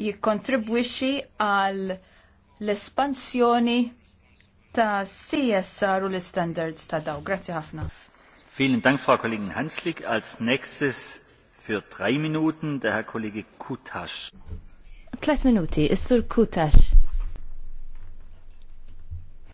jikkontribwixxi għal l-espansjoni ta' CSR u l-standards ta' daw. Grazie ħafna. Vielen Dank, Frau Kollegin Hanslik. Als nächstes für drei Minuten der Herr Kollege Kutasch. Tlet minuti, is-sur Kutasch.